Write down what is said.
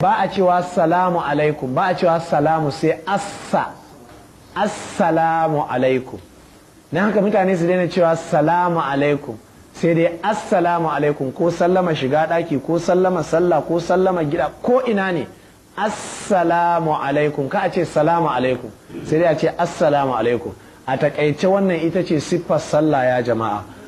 ba a cewa salamu alaikum ba a cewa salamu sai assa assalamu alaikum na haka mutane su daina cewa salamu alaikum sai dai assalamu alaikum ko sallama shiga daki ko sallama sallah ko sallama gida ko ina ne assalamu alaikum ka a ce salamu alaikum sai dai a ce assalamu alaikum a takaice wannan ita ce siffar sallah ya jama'a